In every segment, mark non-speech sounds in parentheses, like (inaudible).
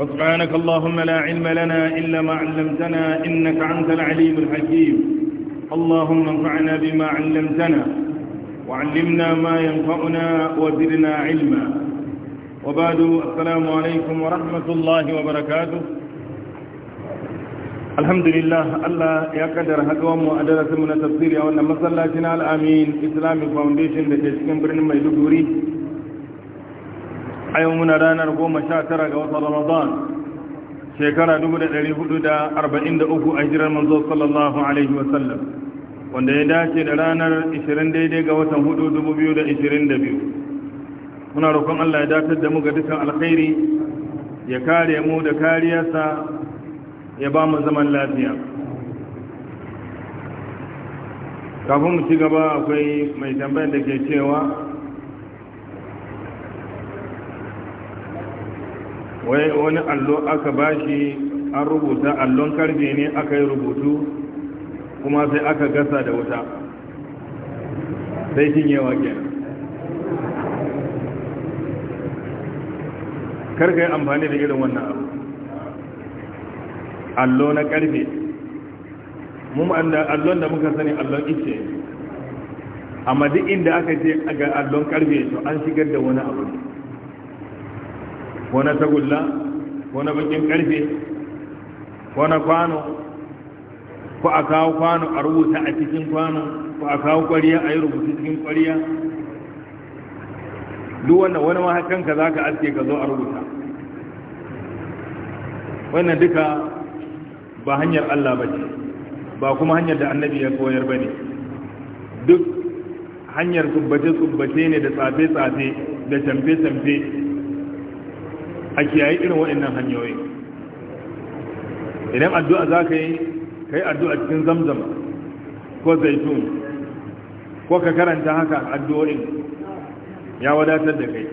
وسبحانك اللهم لا علم لنا إلا ما علمتنا إنك أنت العليم الحكيم اللهم انفعنا بما علمتنا وعلمنا ما ينفعنا وزدنا علما وبعد السلام عليكم ورحمة الله وبركاته alhamdulillah Allah ya kaddara mu a darasinmu na tafsiri a wannan masallacin al'amin islamic foundation da ke cikin birnin maiduguri a yau muna ranar goma sha tara ga watan ramadan shekara dubu da da uku a hijirar manzo sallallahu alaihi wasallam wanda ya dace da ranar ishirin daidai ga watan hudu dubu biyu da da biyu. muna roƙon Allah ya datar da mu ga dukkan alkhairi ya kare mu da kariyarsa ya ba mu zaman lafiya kafin mu ci gaba akwai mai tambayar da ke cewa wai wani allo aka bashi an rubuta allon karfe ne aka yi rubutu kuma sai aka gasa da wuta sai shinyewa kenan karka yi amfani da irin wannan abu allo na karfe mun allon da muka sani allon ice amma duk inda aka ce ga allon karfe to an shigar da wani abu ne ko na tagulla ko na bakin karfe ko na kwano ko a kawo kwano a rubuta a cikin kwano ko a kawo kwariya a yi rubuta cikin kwariya duk wannan wani mahakanka za ka aske ka zo a rubuta wannan duka ba hanyar Allah ba ce ba kuma hanyar da annabi ya koyar ba ne duk hanyar tsubbace-tsubbace ne da tsafe-tsafe da tamfe-tamfe a kiyaye irin waɗannan hanyoyi idan addu'a za ka yi ka yi addu'a cikin zamzam ko zaitun ko ka karanta haka addu'o'in ya wadatar da kai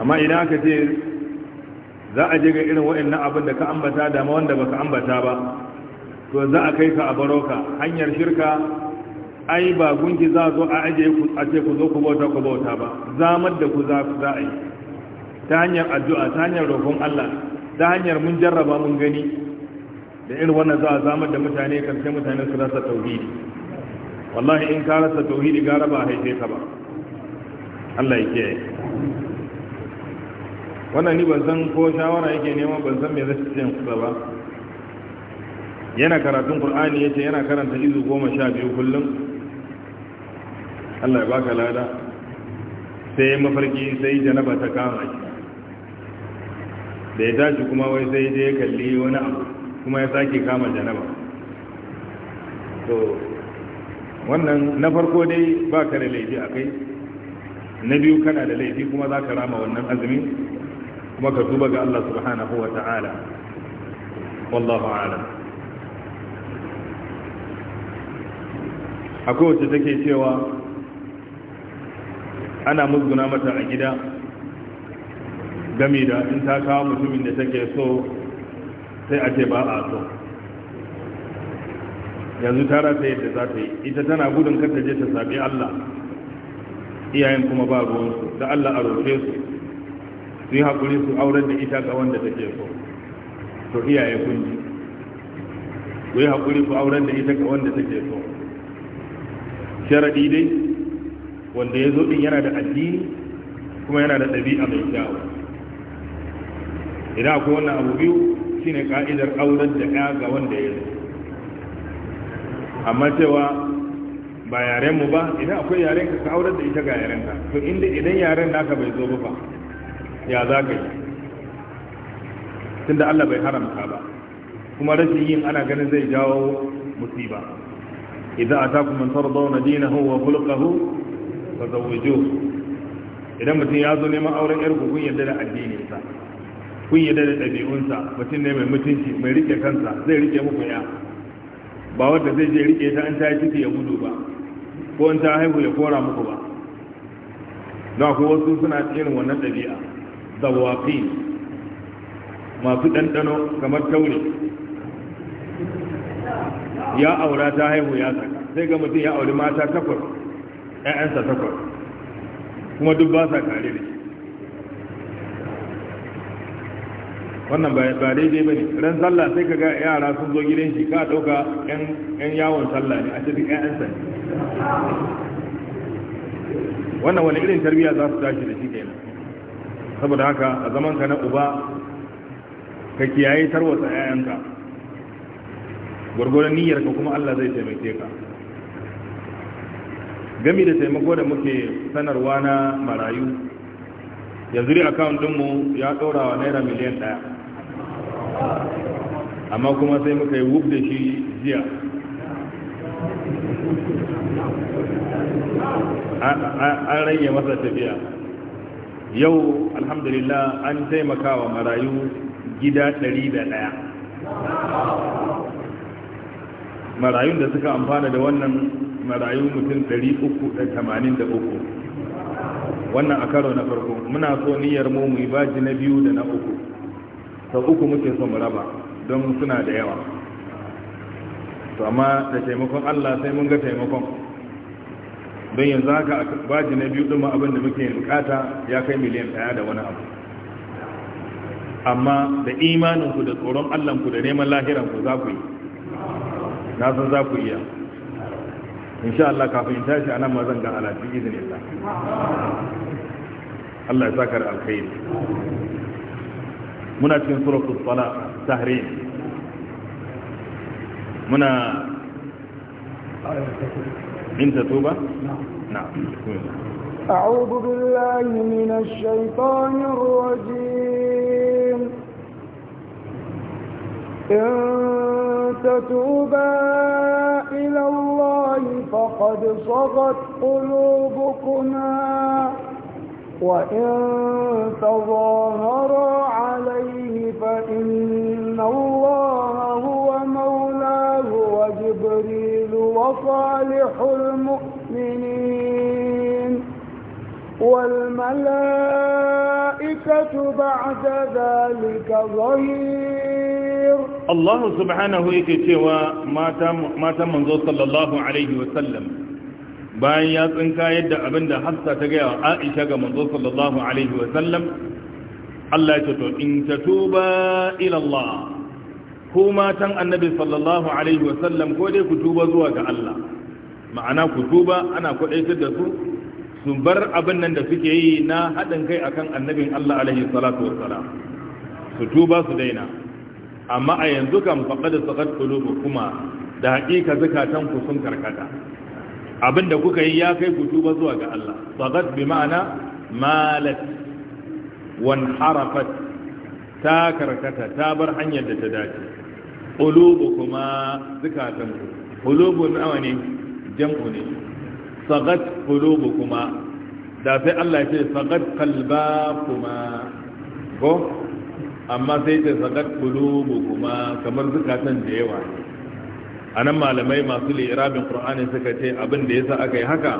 amma idan aka ce za a je ga irin waɗannan abin da ka ambata da ma wanda ka ambata ba to za a kai ka a baroka hanyar shirka ai ba gunki za zo a ajiye ku a ce ku zo ku bauta ku bauta ba zamar da ku za a yi ta hanyar addu'a ta hanyar roƙon Allah ta hanyar mun jarraba mun gani da irin wannan za a zamar da mutane karshe mutane su rasa tauhidi wallahi in ka rasa tauhidi gara ba haife ka ba Allah ya ke wannan ni ban san ko shawara yake nema ban san me zai ce ku ba yana karatun qur'ani yace yana karanta izu goma sha biyu kullum Allah ya baka lada sai mafarki sai janaba ta kama shi da ya tashi kuma wai sai dai ya kalli wani abu kuma ya sake kama janaba to wannan na farko dai ba ka da laifi a kai na biyu kana da laifi kuma za ka rama wannan azumi kuma ka tuba ga Allah subhanahu wa ta'ala wallahu alam akwai wacce take cewa ana musguna mata a gida gami da in ta kawo mutumin da take so sai a ce ba a so yanzu ta yadda za ta yi ita tana gudun kanta je ta sabi Allah iyayen kuma ba ruwansu da Allah a roƙe su su yi haƙuri su auren da ita ga wanda take so to iyaye kun ji ku yi haƙuri ku auren da ita ga wanda take so sharaɗi dai wanda ya zo ɗin yana da addini kuma yana da ɗabi'a mai kyawu idan akwai wannan abu biyu shine ka'idar aurar da ya ga wanda ya zo amma cewa ba yaren mu ba idan akwai yaren ka ka aurar da ita ga yaren ka to inda idan yaren naka bai zo ba ya za ka yi tunda Allah bai haramta ba kuma rashin yin ana ganin zai jawo musiba idan a ataku man tardawna dinahu wa khulquhu fazawwijuhu idan mutum ya zo neman auren yar kukun yadda da addinin sa kun yi da ɗabi'unsa mutum ne mai mutunci mai rike kansa zai rike muku ya ba wanda zai je rike ta an ta yi ciki ya gudu ba ko an ta haihu ya kora muku ba Na ku wasu suna irin wannan ɗabi'a zawafi masu ɗanɗano kamar taure ya aura ta haihu ya saka sai ga mutum ya auri mata takwas 'ya'yansa takwas kuma duk ba sa kare da wannan ba daidai ba ne ran sallah sai ka ga yara sun zo gidan shi ka ɗauka 'yan yawon sallah ne a cikin 'ya'yansa ne wannan wani irin tarbiyya za su tashi da shi saboda haka a zaman ka na uba ka kiyaye tarwatsa 'ya'yanka gwargwaron niyyarka kuma Allah zai taimake ka gami da taimako da muke sanarwa na marayu yanzu dai akawun dinmu ya ɗora wa naira miliyan ɗaya amma kuma sai muka yi wuf da shi jiya an rage masa tafiya yau alhamdulillah an taimaka wa marayu gida 101 marayun da suka amfana da wannan marayu mutum 383 wannan a karo na farko muna so niyyar mu mu yi baji na biyu da na uku sau uku muke son mu raba don suna da yawa to amma da taimakon Allah sai mun ga taimakon don yanzu haka a baji na biyu ɗin abin da muke bukata ya kai miliyan ɗaya da wani abu amma da imaninku da tsoron Allahnku da neman lahiranku za ku yi na san za ku iya sha Allah kafin in tashi a ma zan ga alafi izinin Allah Allah ya da alkhairi muna cikin suratul fala tahrim muna in tatuba na'am أعوذ بالله من الشيطان الرجيم إن تتوبا إلى الله فقد صغت قلوبكما وإن تظاهرا عليه فإن الله هو مولاه وجبريل وصالح المؤمنين والملائكة بعد ذلك ظهير الله سبحانه يكي سوى ما تم منظور صلى الله عليه وسلم bayan ya tsinka yadda abin da hafsa ta gaya wa aisha ga manzo sallallahu alaihi wa sallam Allah ya ce to in ta tuba ila Allah ko matan annabi sallallahu alaihi wa sallam ko dai ku tuba zuwa ga Allah ma'ana ku tuba ana kwadaitar da su su bar abin nan da suke yi na hadin kai akan annabin Allah alaihi salatu wa su tuba su daina amma a yanzu kan faɗa da sakat kulubu kuma da haƙiƙa zukatanku sun karkata abinda kuka yi ya kai ku tuba zuwa ga Allah sagat bi ma'ana malat wan harafat ta karkata ta bar hanyar da ta dace qulubu kuma zakatan ku qulubu nawa ne jam'u ne sagat qulubu kuma da sai Allah ya ce sagat qalba kuma ko amma sai ta sagat qulubu kuma kamar zakatan da yawa ne a nan malamai masu lirabin ƙur'ani suka ce abin da ya sa aka yi haka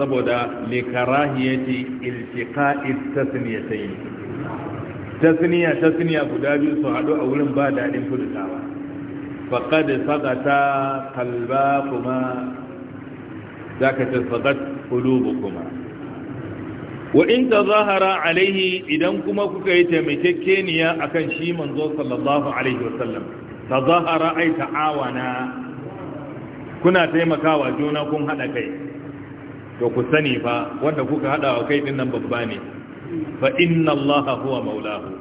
saboda likarahiyati iltiqa'is tasniyatayn tasniya tasniya guda biyu su haɗu a wurin ba daɗin furtawa faqad saqata qalbakuma zaka ce saqat kuma. wa in zahara alaihi idan kuma kuka yi taimakekeniya akan shi manzo sallallahu alaihi wasallam ta zahara ai ta'awana kuna taimakawa juna kun haɗa kai to ku sani fa wanda kuka haɗa wa kai ɗin nan babba ne fa inna allaha huwa maulahu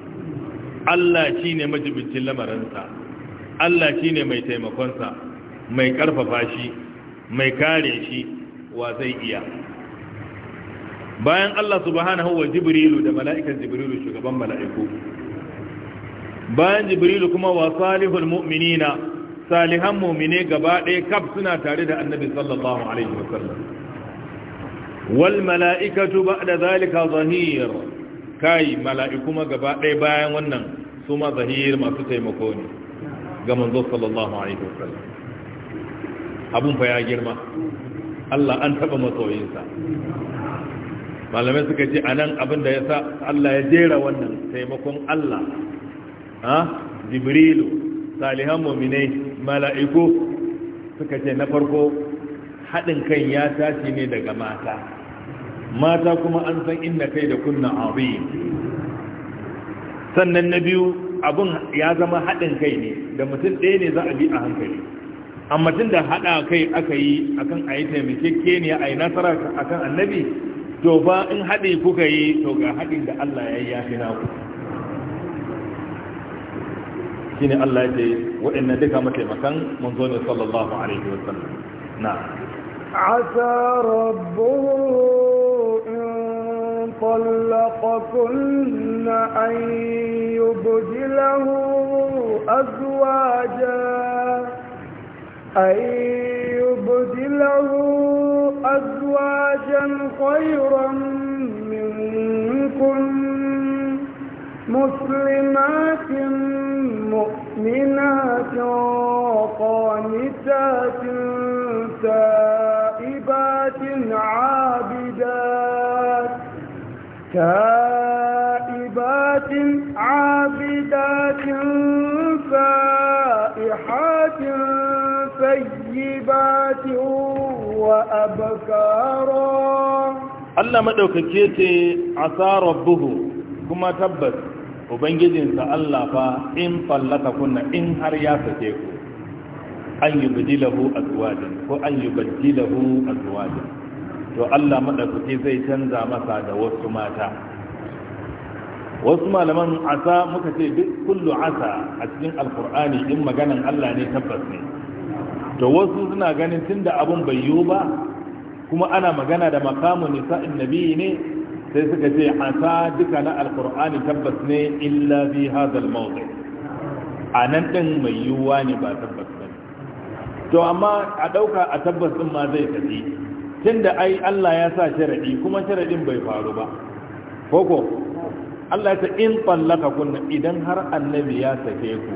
Allah shi ne lamaransa lamarinsa Allah shine ne mai taimakonsa mai karfafa shi mai kare shi wa zai iya bayan Allah subhanahu wa jibrilu da mala'ikan jibrilu shugaban mala'iku bayan jibrilu kuma wa salihul mu'minina salihan mu'mine gaba ɗaya kaf suna tare da annabi sallallahu alaihi wasallam wal mala'ikatu ba'da zalika zahir kai mala'iku ma gaba ɗaya bayan wannan su ma zahir masu taimako ne ga manzo sallallahu alaihi wasallam abun fa ya girma Allah an taba matsoyinsa malamai suka ce anan abin da ya sa Allah ya jera wannan taimakon Allah ha jibrilu salihan muminai mala'iku suka ce na farko haɗin kan ya tashi ne daga mata mata kuma an san inna kai da kunna azim sannan na biyu abun ya zama haɗin kai ne da mutum ɗaya ne za a bi a hankali amma tun da haɗa kai aka yi akan a yi taimakekke ne a yi nasara akan annabi to ba in haɗe kuka yi to ga haɗin da Allah ya yi ya fi naku shine Allah yake wa'annan duka makan manzo ne sallallahu alaihi wasallam na asa rabbu in طلقكن ay yubdilahu azwaja ay yubdilahu azwajan khayran minkum muslimatin مؤمنات قانتات تائبات عابدات تائبات عابدات فائحات طيبات وأبكارا الله مدوكك يتي عسى ربه كما تبت ubangijinsa Allah fa in fallaka kunna in har ya sake ku an yi bajilahu ko an yi bajilahu to Allah madaukaki zai canza masa da wasu mata wasu malaman asa muka ce duk kullu asa a cikin alkur'ani in maganan Allah ne tabbas ne to wasu suna ganin tunda abun bai yiwu ba kuma ana magana da makamun nisa'in nabi ne sai suka ce asa duka na alkur'ani tabbas ne illa bi hadal mawdi a nan din mai yiwuwa ne ba tabbas ba to amma a dauka a tabbas din ma zai tafi tunda ai Allah ya sa sharadi kuma sharadin bai faru ba koko Allah ta in tallaka kunna idan har annabi ya sake ku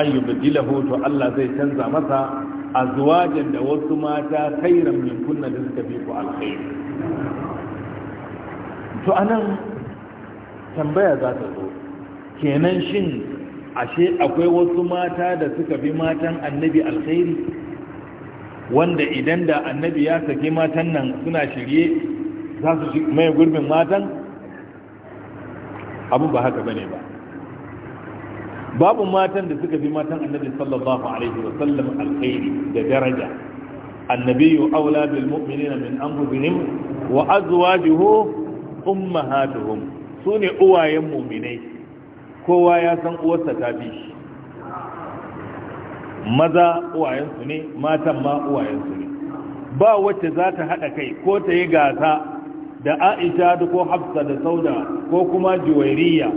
an yubdilahu to Allah zai canza masa azwajan da wasu mata khairan min kunna da suka fi ku alkhair to anan tambaya za ta zo kenan shin ashe akwai wasu mata da suka bi matan annabi alkhairi wanda idan da annabi ya saki matan nan suna shirye za su mai gurbin matan abu ba haka bane ba babu matan da suka bi matan annabi sallallahu alaihi wa sallam alkhairi da daraja annabi aula bil mu'minina min anfusihim wa azwajuhu ummahatuhum sune uwayen mu'minai kowa ya san uwarsa ta bi shi maza uwayensu ne matan ma uwayensu ne ba wacce za ta haɗa kai ko ta yi gasa da aisha da ko hafsa da sauda ko kuma juwairiya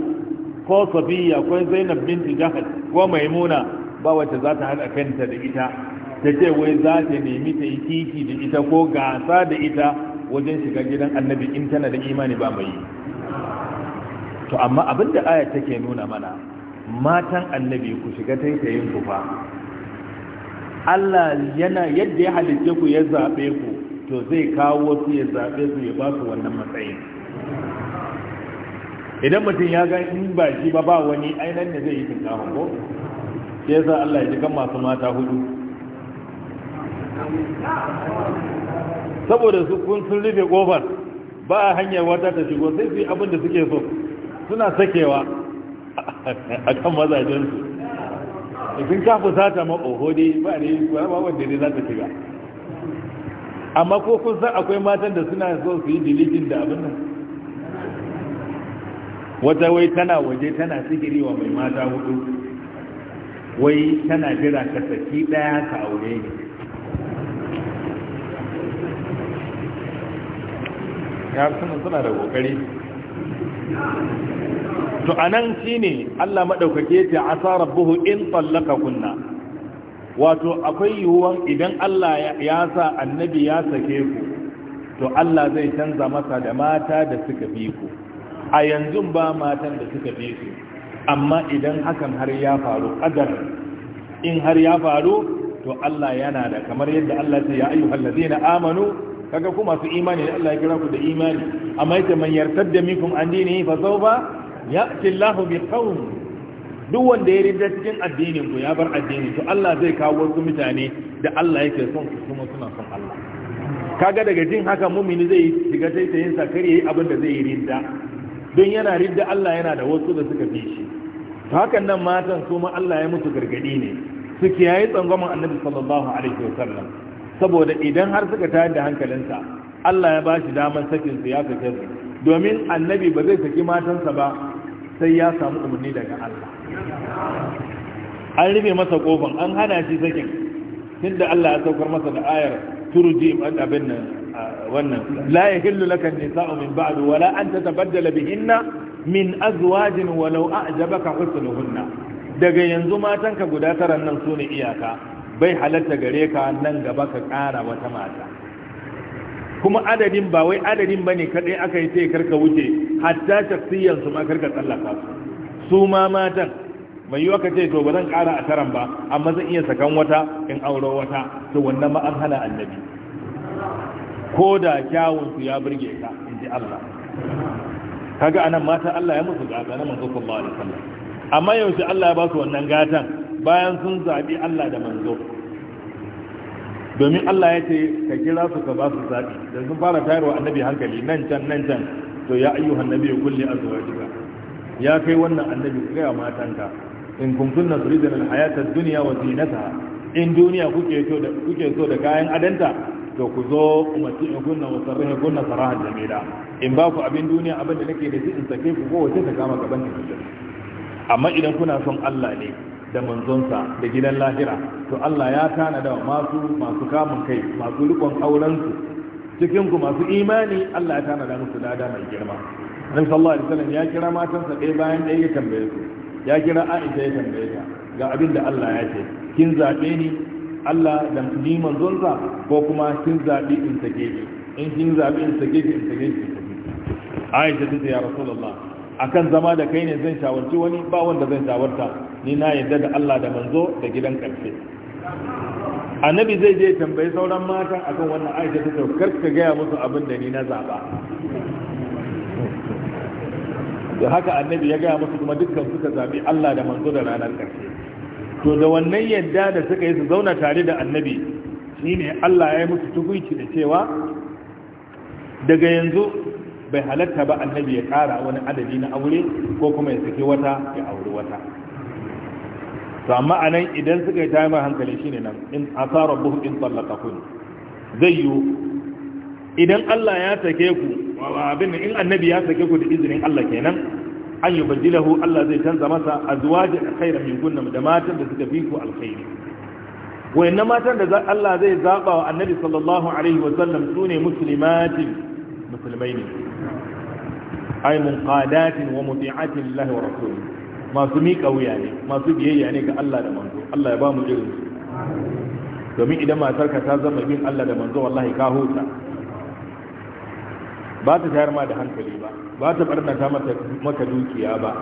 ko safiya ko zainab binti jahal ko maimuna ba wacce za ta haɗa kanta da ita ta ce wai za ta nemi ta yi kiki da ita ko gasa da ita wajen shiga gidan annabi in tana da imani ba mai to amma abinda aya take nuna mana matan annabi ku shiga taitayin ku fa Allah yana yadda ya halitta ku ya zaɓe ku to zai kawo wasu ya zaɓe su ya ba su wannan matsayin idan mutum ya ga in ba shi ba ba wani ainihin ne zai yi tunkahun ko sai yasa Allah ya ji kan masu mata hudu saboda su kun sun rufe kofar ba a hanyar wata ta shigo sai su yi abin da suke so suna sakewa a kan mazajensu sun kafa sata maɓohodi ba ne ba wanda ne za ta shiga amma ko kun san akwai matan da suna so su yi dilikin da abin nan wata wai tana waje tana sigiri wa mai mata hudu wai tana jira ka saki ɗaya ka aure ne harsunan suna da kokari to anan shine Allah madaukake ta asa rabbuhu in tallaka kunna wato akwai yiwuwan idan Allah ya sa annabi ya sake ku to Allah zai canza masa da mata da suka bi ku a yanzu ba matan da suka bi su amma idan hakan har ya faru kadar in har ya faru to Allah yana da kamar yadda Allah ce ya ayyuhallazina amanu kaga ku masu imani da Allah ya kira ku da imani amma yake man da minkum an dinihi fa sawfa ya'ti Allahu bi qawm duk wanda ya rida cikin addinin ku ya bar addini to Allah zai kawo wasu mutane da Allah yake son su kuma suna son Allah kaga daga jin haka mumini zai shiga taitayin sa kare yayi abin da zai yi rinda don yana rida Allah yana da wasu da suka fi shi to hakan nan matan kuma Allah ya mutu gargadi ne su kiyaye tsangwamin Annabi sallallahu alaihi wasallam saboda idan har suka tayar da hankalinsa Allah ya ba shi damar sakin su ya sake su domin annabi ba zai saki matansa ba sai ya samu umarni daga Allah an rufe masa kofan an hana shi sakin tunda Allah ya saukar masa da ayar turuji abin nan wannan la hillu lakan nisa'u min ba'd wala an tatabaddala bihinna min azwajin walau a'jabaka husnuhunna daga yanzu matanka guda taran nan sune iyaka bai halatta gare ka nan gaba ka ƙara wata mata kuma adadin ba wai adadin bane kadai aka yi sai karka wuce hatta shaksiyan su ma karka tsallaka su su ma matan mai yiwa ka ce to ba zan ƙara a taran ba amma zan iya sakan wata in auro wata to wannan ma an hana annabi ko da kyawun su ya burge ka in ji Allah kaga anan mata Allah ya musu gata na manzo sallallahu alaihi wasallam amma yaushe Allah ya ba su wannan gatan bayan sun zaɓi Allah da manzo domin Allah ya ce ka kira su ka ba su zaɓi da sun fara tayarwa annabi hankali nan can nan can to ya ayyuhan nabi kulli azwajika ya kai wannan annabi ga matanka in kun kuntunna turidun alhayata ad-dunya wa zinataha in duniya kuke so da kuke so da kayan adanta to ku zo umarci in kunna wa sarrahe kunna saraha jamila in ba ku abin duniya abin da nake da shi in sake ku ko wace ta kama gaban ta amma idan kuna son Allah ne da manzonsa da gidan lahira to Allah ya tanada masu masu kamun kai masu rikon aurensu cikin ku masu imani Allah ya tanada musu lada mai girma Annabi sallallahu alaihi wasallam ya kira matansa ɗaya bayan ɗaya ya tambaye su ya kira Aisha ya tambaye ta ga abin da Allah ya ce kin zabe ni Allah da ni manzonsa ko kuma kin zabi in take ki in kin zabi in take ki in take ki Aisha ta ce ya Rasulullah akan zama da kai ne zan shawarci wani ba wanda zan shawarta ni na yadda da Allah da manzo da gidan karfe annabi zai je tambayi sauran mata akan wannan aisha ta saukar ka gaya musu abin da ni na zaba da haka annabi ya gaya musu kuma dukkan suka zabi Allah da manzo da ranar karfe to da wannan yadda da suka yi su zauna tare da annabi ne Allah ya yi musu tukunci da cewa daga yanzu bai halatta ba annabi ya kara wani adadi na aure ko kuma ya saki wata ya auri wata to amma anan idan suka yi tayi hankali shine nan in asara buhu in kun zai yi idan Allah ya sake ku abin in annabi ya sake ku da izinin Allah kenan an yi bajilahu Allah zai canza masa a azwajin khairan min kunna da matan da suka fi ku alkhairi wayannan matan da Allah zai zaba wa annabi sallallahu alaihi wa sallam sune muslimatin musulmai ne ay munqadatin wa muti'atin lillahi wa rasulihi masu miƙa wuya ne masu biyayya ne ga Allah da manzo Allah ya ba mu irin su domin idan matarka ta zama bin Allah da manzo wallahi ka huta ba ta tayar ma da hankali ba ba ta barnata maka dukiya ba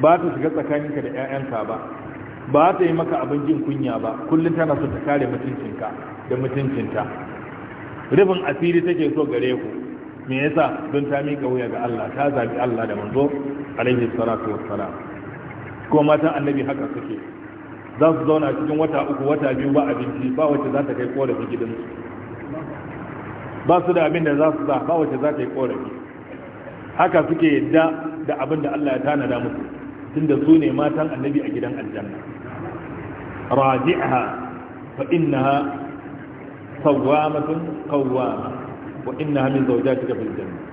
ba ta shiga tsakaninka da 'ya'yanka ba ba ta yi maka abin jin kunya ba kullum tana so ta kare mutuncinka da mutuncinta rufin asiri take so gare ku me yasa don ta miƙa wuya ga Allah ta zabi Allah da manzo alaihi salatu wassalam kuma matan annabi haka suke za su zauna cikin wata uku wata biyu ba abinci ba wacce za ta kai korafi gidansu ba su da abin da za su za ba wacce za ta yi korafi haka suke yadda da abin da Allah ya tanada musu tunda su ne matan annabi a gidan aljanna raji'aha fa innaha sawwamatun qawwama wa innaha min zawjatika fil janna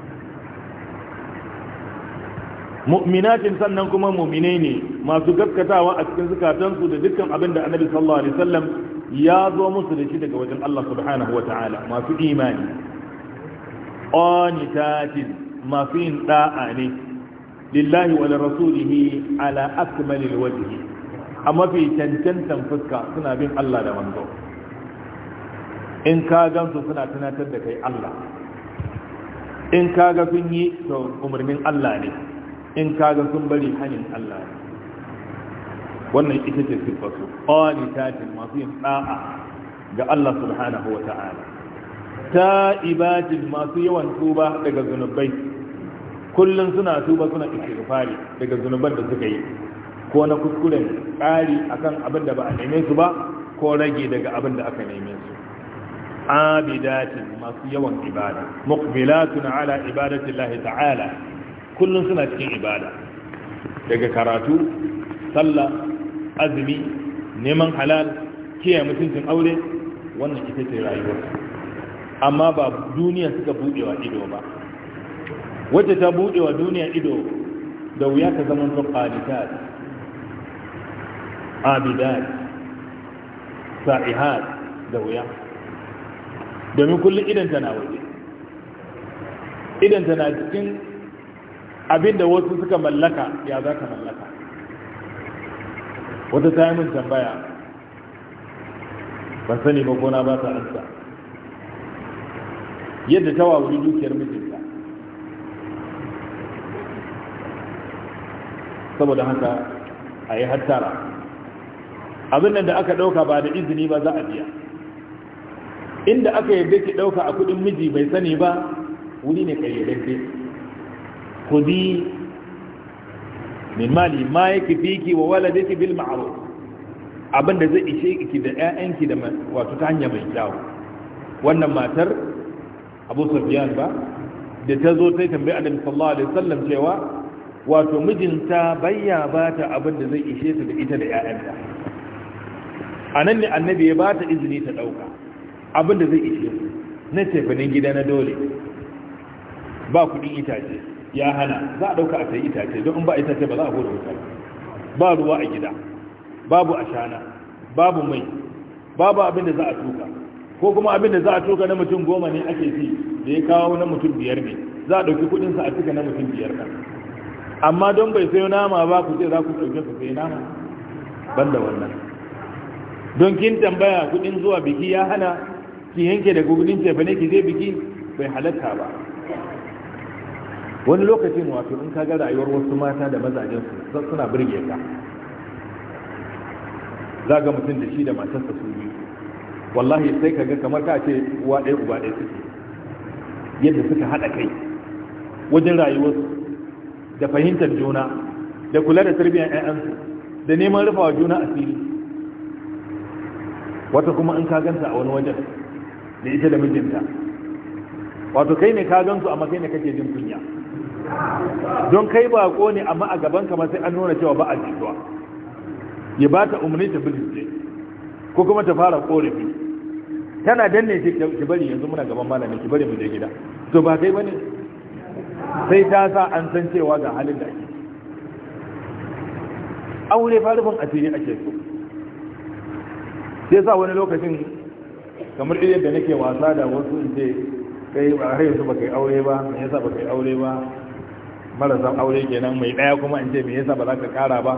mu'minatin sannan kuma mu'mine ne masu gaskatawa a cikin zukatansu da dukkan abin da annabi sallallahu alaihi wasallam ya zo musu da shi daga wajen Allah subhanahu wa ta'ala masu imani qanitatin masu yin da'a ne lillahi wa rasulihi ala akmalil wajhi a mafi cancantan fuska suna bin Allah da manzo in ka gansu suna tunatar da kai Allah in ka ga sun yi to umarnin Allah ne in kaga sun bari hanin Allah wannan ita ce sifatu qanitatin masu yin da'a ga Allah subhanahu wa ta'ala ta'ibatin masu yawan tuba daga zunubai kullum suna tuba suna istighfari daga zunuban da suka yi ko na kuskuren ƙari akan abin da ba a neme su ba ko rage daga abin da aka neme su abidatin masu yawan ibada muqbilatun ala ibadatillahi ta'ala kullum suna cikin ibada daga karatu sallah azumi neman halal kiyaye mutuncin aure wannan ita ce rayuwar amma ba duniya suka buɗewa ido ba wacce ta buɗewa duniya ido da wuya ta zama ta qanitat abidat sa'ihat da wuya domin kullum idan tana waje idan tana cikin abinda wasu suka mallaka ya za ka mallaka wata ta yi min tambaya ban sani ba ko na ba ta ansa yadda ta wawuri dukiyar mijinta saboda haka a yi hattara abin nan da aka ɗauka ba da izini ba za a biya inda aka yarda ki ɗauka a kudin miji bai sani ba wuri ne kayyadadde خذي من مالي ma يكفيك وولدك بالمعروف bil ma'ruf abinda zai ishe ki da ƴaƴanki da wato ta hanya mai kyau wannan matar Abu Sufyan ba da ta zo sai tambayi Annabi sallallahu alaihi wasallam cewa wato mijinta bayya ba ta abin da zai ishe ta da ita da ƴaƴanta anan ne annabi ya ba ta izini ta dauka da zai ishe ta na tafanin gida na dole ba kudin itace ya hana za a dauka a sayi itace don in ba itace ba za a hura wuta ba ruwa a gida babu ashana babu mai babu abin da za a tuka ko kuma abin da za a tuka na mutum goma ne ake ci da ya kawo na mutum biyar ne za a dauki kudin sa a tuka na mutum biyar ka amma don bai sayo nama ba ku ce za ku ɗauke ku sayi nama banda wannan don kin tambaya kudin zuwa biki ya hana ki yanke daga kudin cefane ki je biki bai halatta ba wani lokacin wato in ka ga rayuwar wasu mata da mazajen su suna burge ka za ga mutum da shi da matarsa su biyu wallahi sai ka ga kamar ka ce uwa ɗaya uba ɗaya suke yadda suka haɗa kai wajen rayuwarsu da fahimtar juna da kula da tarbiyyar 'ya'yansu da neman rufawa juna asiri wata kuma in ka ganta a wani wajen da ita da mijinta wato kai ne ka gansu amma kai ne kake jin kunya don kai bako ne amma a gaban kama sai an nuna cewa ba a jituwa ya ba ta umarni ta bilis ko kuma ta fara korafi tana danne shi ki bari yanzu muna gaban malamin ki bari mu je gida to ba kai bane sai ta sa an san cewa ga halin da ake aure farufin asiri ake so sai sa wani lokacin kamar idan da nake wasa da wasu in ce kai ba har yanzu ba kai aure ba me yasa ba kai aure ba marasan aure kenan mai daya kuma in ce me yasa ba za ka kara ba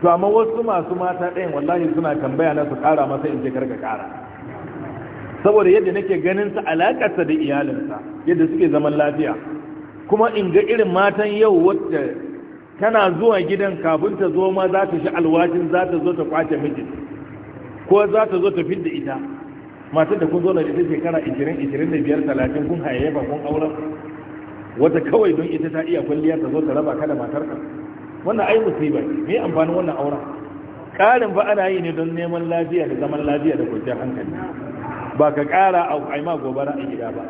to amma wasu masu mata ɗayan wallahi suna tambaya na su kara masa in ce karka kara saboda yadda nake ganin sa alakarsa da iyalinsa yadda suke zaman lafiya kuma in ga irin matan yau wacce tana zuwa gidan kafin ta zo ma za ta shi alwashin za ta zo ta kwace mijin ko za ta zo ta fidda ita matar da kun zo da ita shekara 20 25 30 kun hayayyafa kun auren wata kawai don ita ta iya kwalliyar ta zo ta raba ka da matarka wannan ai musiba ne me amfanin wannan auren karin ba ana yi ne don neman lafiya da zaman lafiya da kwanciyar hankali ba ka kara a aima gobara a gida ba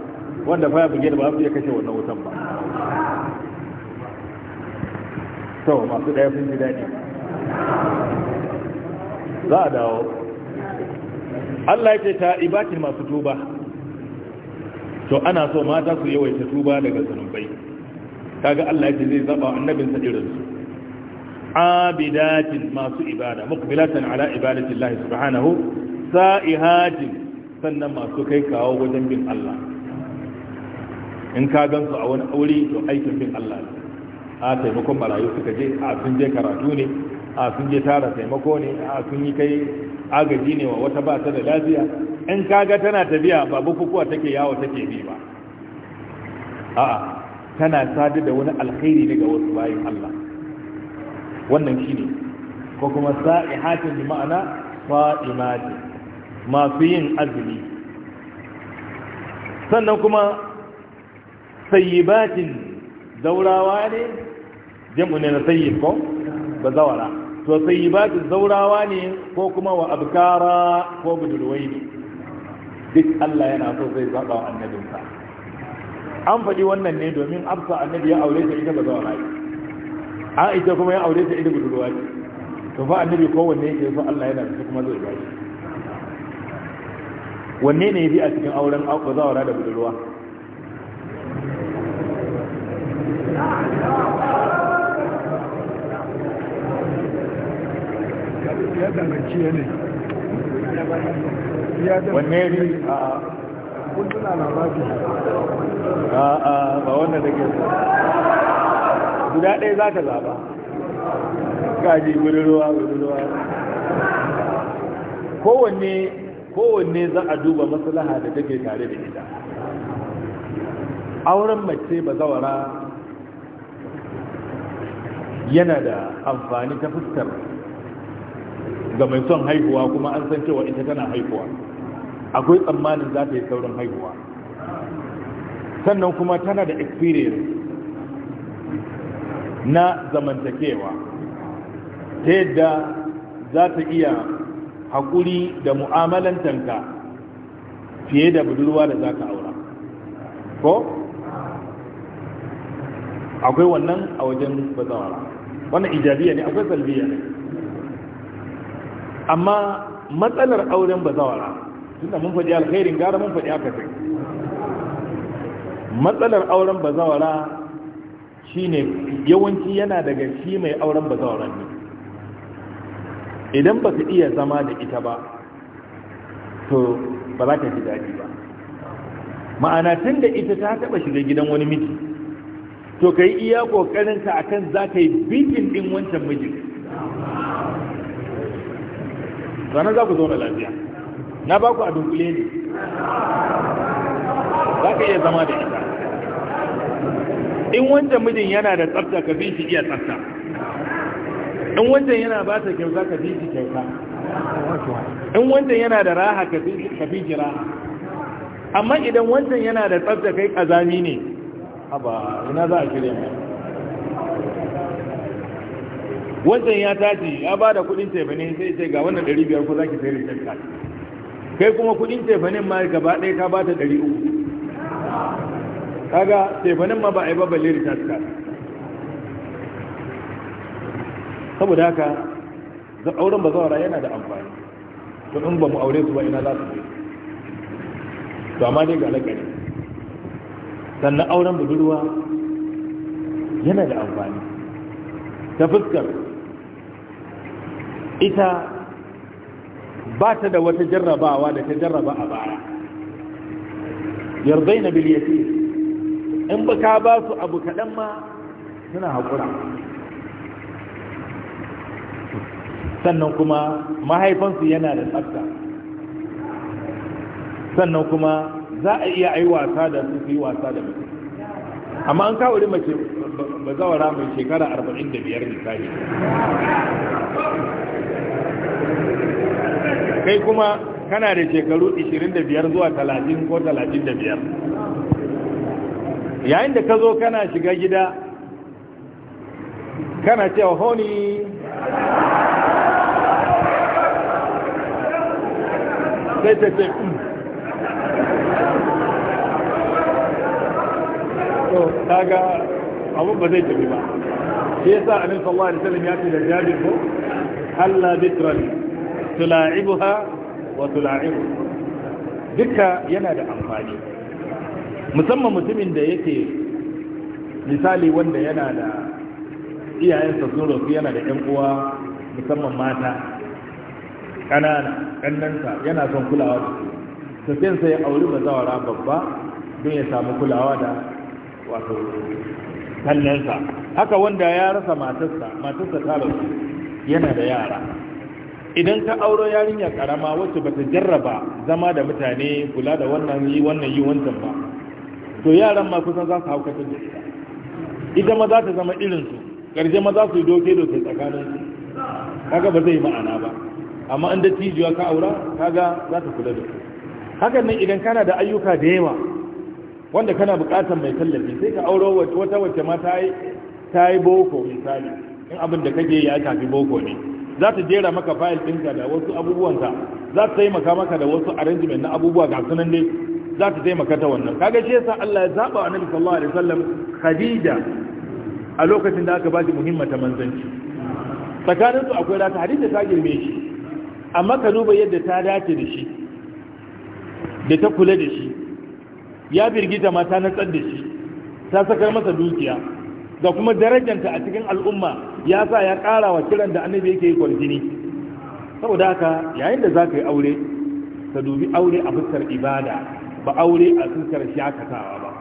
wanda fa ya buge ba su ya kashe wannan wutan ba to masu daya sun ji daɗi za a dawo Allah ya ce ta ibatin masu tuba to ana so mata su yawaita tuba daga Ka kaga Allah yake zai zaba annabinsa irin su abidatin masu ibada muqbilatan ala ibadati Allah subhanahu sa'ihatin sannan masu kai kawo wajen bin Allah in ka gansu a wani aure to aikin bin Allah ne a taimakon marayu suka je a sun je karatu ne a sun je tara taimako ne a sun yi kai agaji ne wa wata ba ta da lafiya in kaga tana tafiya ba bukukuwa take yawo take bi ba a'a tana sadu da wani alkhairi daga wasu bayan Allah wannan shine ko kuma sa'ihatin bi ma'ana fa'imati masu yin azumi sannan kuma sayyibatin zaurawa ne jam'u ne na sayyib ko ba zawara to sayyibatin zaurawa ne ko kuma wa abkara ko budurwai ne duk Allah yana so zai zaɓa wa annabinsa an faɗi wannan ne domin absa annabi ya aure ta ita ba zaura a ita kuma ya aure ta ita budurwa ce to fa annabi kowanne yake so Allah yana so kuma zai ba wanne ne yafi a cikin auren bazawara da budurwa ya danganci ne wanne ne a kuntuna na babu a a ba wannan da ke guda ɗaya za ka zaɓa. gaji gudun ruwa gudun ruwa kowanne kowanne za a duba maslaha da take tare da ita auren mace ba zawara yana da amfani ta fuskar ga mai son haihuwa kuma an san cewa ita tana haihuwa akwai tsammanin za ta yi saurin haihuwa sannan kuma tana da experience na zamantakewa ta yadda za ta iya haƙuri da mu'amalantanka fiye da budurwa da za ka aura ko akwai wannan a wajen bazawara wannan ijabiya ne akwai salbiya ne amma matsalar auren bazawara tunda mun faɗi alkhairin gara mun faɗi aka sai matsalar auren bazawara shine yawanci yana daga shi mai auren bazawara ne idan ba ka iya zama da ita ba to ba za ka ji daɗi ba ma'ana tun da ita ta taɓa shiga gidan wani miji to ka yi iya ƙoƙarinka a kan za ka yi bikin ɗin wancan mijin ranar za ku zo na lafiya na ba ku a dunkule ne za ka iya zama da ita in wancan mijin yana da tsafta ka fi shi iya tsafta in wancan yana ba ta kyauta ka fi shi kyauta in wancan yana da raha ka fi shi raha amma idan wancan yana da tsafta kai kazami ne haba ina za a kire mai wancan ya tashi ya ba da kudin ne sai ce ga wannan 500 ko za ki sayar da kai kuma kudin tefanin ma gaba ɗaya ka ba ta ɗari uku kaga tefanin ma ba a yi babballe ta suka. saboda haka zan auren ba zawara yana da amfani to in ba mu aure su ba ina za su yi. to amma dai ga lagari sannan auren budurwa yana da amfani ta fuskar ita ba ta da wata jarrabawa da ta jarraba a baya yardai na biliyasi in ba ka ba su abu kaɗan ma suna haƙura sannan kuma mahaifansu yana da tsafta sannan kuma za a iya a yi wasa da su su yi wasa da mutum amma an kawo mace ba zawara mai shekara 45 misali kai kuma kana da shekaru 25 zuwa 30 ko 35 yayin da ka zo kana shiga gida kana cewa honi sai ta ce hmm. to daga abu ba zai tafi ba shi yasa annabi sallallahu alaihi wasallam ya ce da jabi ko Allah bitrani tula'ibuha wa tula'ibu duka yana da amfani musamman mutumin da yake misali wanda yana da iyayensa sun rasu yana da ƴan uwa musamman mata ƙanana ƙannansa yana son kulawa da su tafiyansa ya auri bazawara babba don ya samu kulawa da wato kallonsa haka wanda ya rasa matarsa matarsa ta rasu yana da yara idan ka auro yarinya karama wacce bata jarraba zama da mutane kula da wannan yi wannan yi wancan ba to yaran ma kusan za su haukata da ita ita ma za ta zama irin su karshe ma za su yi doke doke tsakanin su kaga ba zai ma'ana ba amma in da tijiya ka aura kaga za ta kula da su hakan nan idan kana da ayyuka da yawa wanda kana bukatar mai tallafi sai ka auro wata wacce ma ta yi boko misali in abin da kake ya tafi boko ne za ta jera maka fayil ɗinka da wasu abubuwanka za ta taimaka maka da wasu arrangement na abubuwa ga sunan dai za ta taimaka ta wannan kaga shi yasa Allah ya zaba annabi sallallahu alaihi wasallam Khadija a lokacin da aka bashi muhimmata manzanci tsakanin su akwai rata hadisi ta girme shi amma ka duba yadda ta dace da shi da ta kula da shi ya birgita mata na tsar da shi ta sakar masa dukiya ga kuma darajanta a cikin al'umma ya sa ya ƙara wa kiran da annabi yake yi kwarjini saboda haka yayin da za ka yi aure ka dubi aure a fuskar ibada ba aure a fuskar shakatawa ba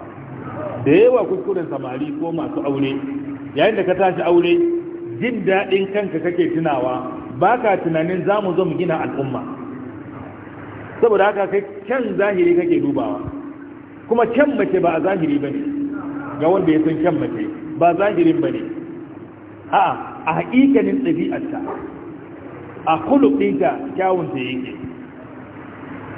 da yawa kuskuren samari ko masu aure yayin da ka tashi aure jin daɗin kanka kake tunawa ba ka tunanin za mu zo mu gina al'umma saboda haka kai kyan zahiri kake dubawa kuma kyan mace ba a zahiri ba ne ga wanda ya san kyan mace ba zahirin ba ne a'a a haƙiƙanin ɗabi'arta a kulukin da kyawun da yake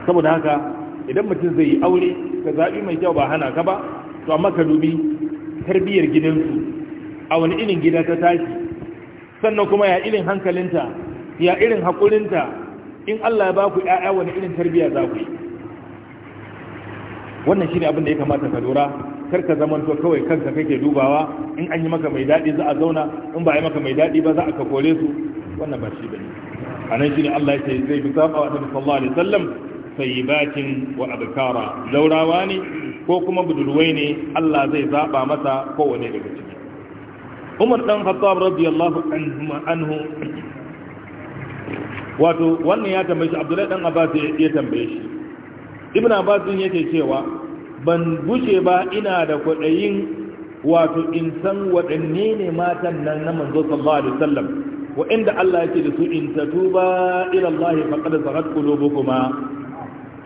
saboda haka idan mutum zai yi aure ka zaɓi mai kyau ba hana ka ba to amma ka dubi tarbiyyar gidansu a wani irin gida ta tashi sannan kuma ya irin hankalinta ya irin haƙurinta in Allah ya ba ku ‘ya'ya wani irin tarbiyya za ku yi wannan shi ne abin da ya kamata ka lura kar ka zamanto kawai kanka kake dubawa in an yi maka mai daɗi za a zauna in ba a yi maka mai daɗi ba za a ka kore su wannan ba shi bane a nan shi ne Allah ya ce zai bi saba wa sallallahu alaihi wasallam sayyibatin wa abkara laurawa ne ko kuma budurwai ne Allah zai zaba masa kowane daga ciki Umar dan Khattab radiyallahu anhu wato wannan ya tambaye shi Abdullahi dan Abbas ya tambaye shi Ibn Abbas din yake cewa ban gushe ba ina da kwaɗayin wato in san waɗanne ne matan nan na manzo sallallahu alaihi wasallam wa'inda Allah yake da su in tatuba ila Allah faqad sarat qulubukuma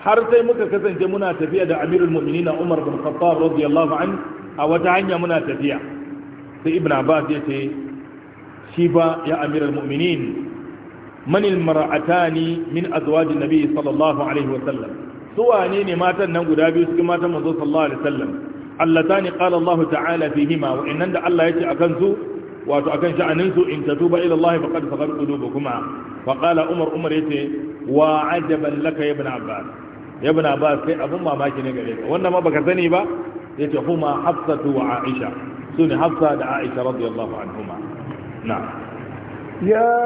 har sai muka kasance muna tafiya da Amirul Mu'minin Umar bin Khattab radiyallahu an a wata hanya muna tafiya sai Ibn Abbas yace shi ba ya Amirul Mu'minin man al-mar'atani min azwajin nabi sallallahu alaihi wasallam su wane ne matan nan guda biyu cikin matan manzo sallallahu alaihi wasallam allatani qala Allah ta'ala fihima wa innan da Allah yace akan su wato akan sha'anin su in tatuba ila Allah faqad faqad qulubukuma fa qala Umar Umar yace wa ajaban laka ibn Abbas ibn Abbas sai abun mamaki ne gare ka wannan ma baka sani ba yace huma Hafsatu wa Aisha sune Hafsa da Aisha radiyallahu anhuma na'am يا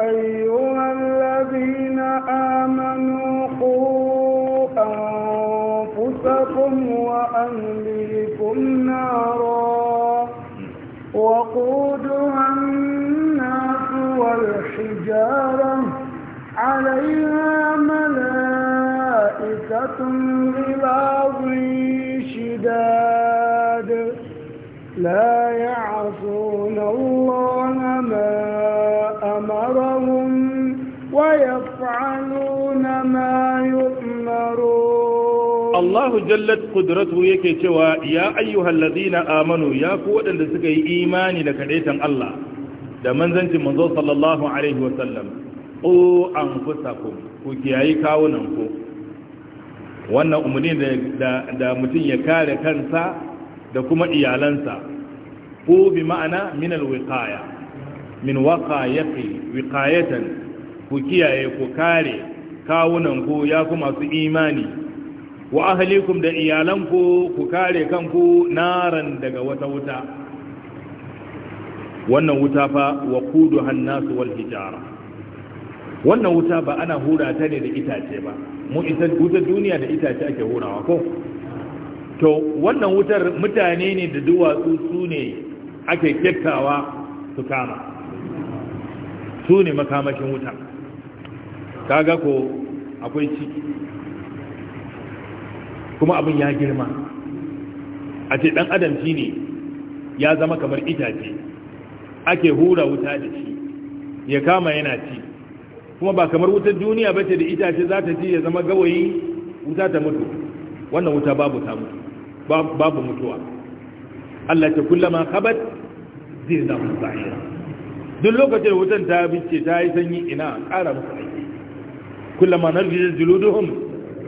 أيها الذين آمنوا قوا أنفسكم وأهليكم نارا وقودها الناس والحجارة عليها ملائكة غلاظ شداد لا يعصون الله ما أمرهم ويفعلون ما يؤمرون الله جلت قدرته yake cewa ya ayyuhal ladina amanu ya ku wadanda suka yi imani da kadaitan Allah da manzancin manzo sallallahu alaihi wa sallam o anfusakum ku kiyayi kawunan ku wannan umarni da da mutum ya kare kansa da kuma iyalansa ko bi ma'ana min alwiqaya min waqayati wiqayatan ku kiyaye ku kare kawunan ku ya ku masu imani wa ahlikum da iyalanku ku kare kanku naran daga wata wuta wannan wuta fa wa kudu hannasu wal hijara wannan wuta ba ana hura ta ne da itace ba mu isa wutar duniya da itace ake hurawa ko to wannan wutar mutane ne da duwatsu su ne ake kyakkyawa su kama su ne makamashin wuta kaga ko akwai ciki kuma abin ya girma a ce dan adam shi ne ya zama kamar itace ake hura wuta da shi ya kama yana ci kuma ba kamar wutar duniya bace da itace za ta ci ya zama gawayi wuta ta mutu wannan wuta babu ta mutu babu mutuwa Allah ta kullama khabat zirna musa'ira duk lokacin wutan ta bice ta yi sanyi ina ƙara musu aiki kullama narjijin juluduhum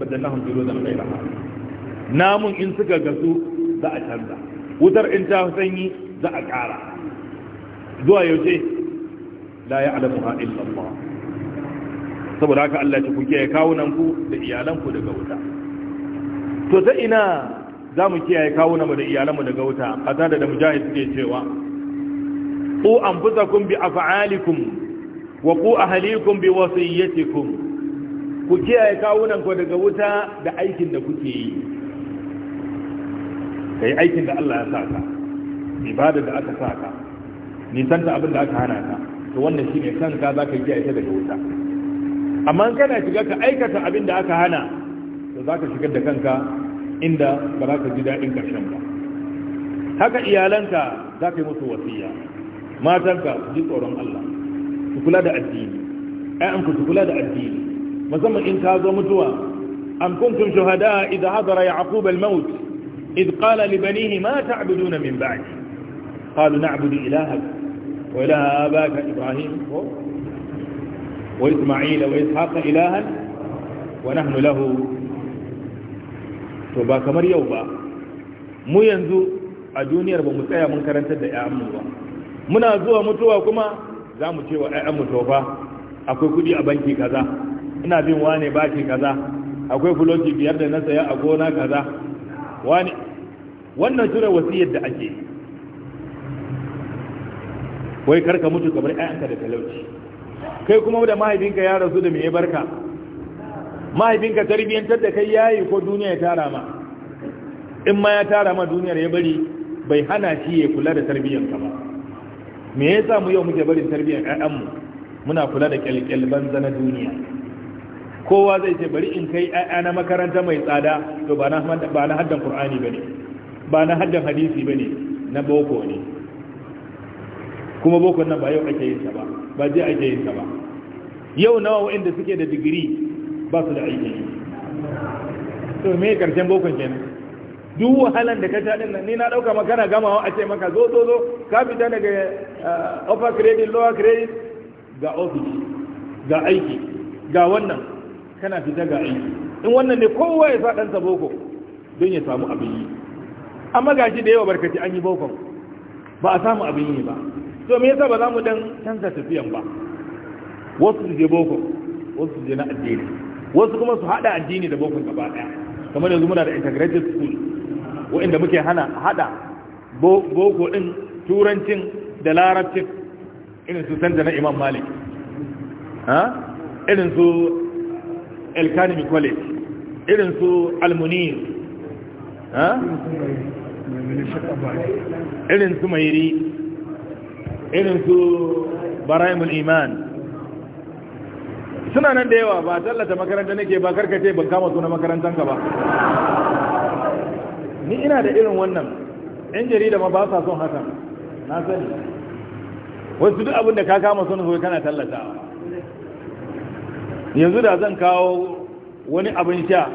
badannahum juludan ghayraha namun in suka gasu za a canza wutar in ta sanyi za a ƙara zuwa yaushe la ya'lamuha illa Allah saboda haka Allah ya kuke kawo nan ku da iyalan ku daga wuta to ta ina za mu kiyaye kawunanmu da iyalanmu daga wuta kasa da mujahid suke cewa ku anfusakum bi af'alikum wa ku ahlikum bi wasiyyatikum ku kiyaye kawunanku daga wuta da aikin da kuke yi kai aikin da Allah ya saka ibada da aka saka nisanta abin da aka hana ka to wannan shine ka zaka kiyaye ta daga wuta amma kana shiga ka aikata abin da aka hana to zaka shigar da kanka inda ba za ka ji daɗin ƙarshen ba haka iyalanka za ka yi musu wasiya matanka ji tsoron Allah su kula da addini ayyanku su kula da addini musamman in ka zo mutuwa an kuntum shuhada idza hadara yaqub al-maut idh qala li banihi ma ta'buduna min ba'di qalu na'budu ilahak wa ilaha abaka ibrahim wa isma'ila wa ishaqa ilahan wa nahnu lahu to ba kamar yau ba mu yanzu a duniyar ba mu tsaya mun karantar da 'ya'yanmu ba muna zuwa mutuwa kuma za mu ce wa 'ya'yanmu to ba akwai kudi a banki kaza ina bin wane baki kaza akwai fuloti biyar da na saya a gona kaza wani wannan tura wasiyar da ake wai karka mutu kamar 'ya'yanka da talauci kai kuma da mahaifinka ya rasu da me ya barka mahaifinka tarbiyyantar da kai yayi ko duniya ya tara ma in ma ya tara ma duniyar ya bari bai hana shi ya kula da tarbiyyanka ba me yasa mu yau muke barin tarbiyyar ƴaƴanmu muna kula da kyalkyal banza na duniya kowa zai ce bari in kai ƴaƴa na makaranta mai tsada to ba na ba na haddan qur'ani bane ba na haddan hadisi bane na boko ne kuma boko nan ba yau ake yin ta ba ba je ake yin ta ba yau nawa waɗanda suke da digiri ba su da aiki to me karshen bokon kenan duk wahalan da ka sha din nan ni na dauka maka na gamawa a ce maka zo zo zo ka fita daga eh, upper credit lower credit ga office ga aiki ga wannan kana fita ga aiki in wannan ne kowa ya sa dan boko don ya samu abin yi amma gashi da yawa barkaci an yi bokon ba a samu abin yi ba to me yasa ba za mu dan canza tafiyan ba wasu su je boko wasu su je na addini wasu kuma su hada addini da boko gaba daya kamar yanzu muna da integrated school wa'inda muke hana hada boko din turancin da larabcin irin su sanda na imam malik ha irin su elkanimi college irin su almunir ha irin su mairi irin su barayimul iman suna nan da yawa ba tallata makaranta nake ba karkace ban kama suna makarantanka ba ni ina da irin wannan yan jarida ma ba sa son hakan na sani wasu duk abin ka kama suna zuwa kana tallata yanzu da zan kawo wani abin sha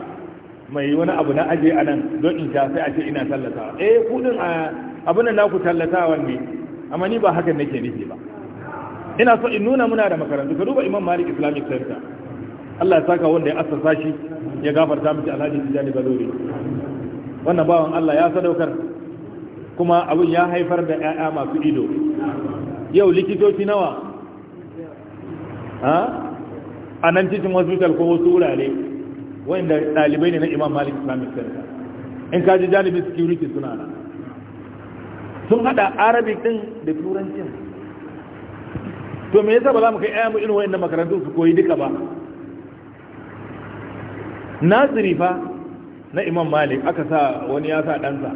mai wani abu na aje a nan don in sha sai a ce ina tallata eh kudin ah, abin da na ku tallata ne amma ni ba hakan nake nufi ba ina so in nuna muna da makarantu ka duba imam malik islamic center Allah ya saka wanda ya assasa shi ya gafarta miki alhaji tijani balori wannan bawan Allah ya sadaukar kuma abin ya haifar da 'ya'ya masu ido yau likitoci nawa a nan cikin hospital ko wasu wurare wanda ɗalibai ne na imam malik islamic center in kaji janibin security suna nan sun hada arabic din da turancin to me yasa ba za mu kai ayyamu irin wayannan makarantun su koyi duka ba naziri fa na imam malik aka sa wani ya sa ɗansa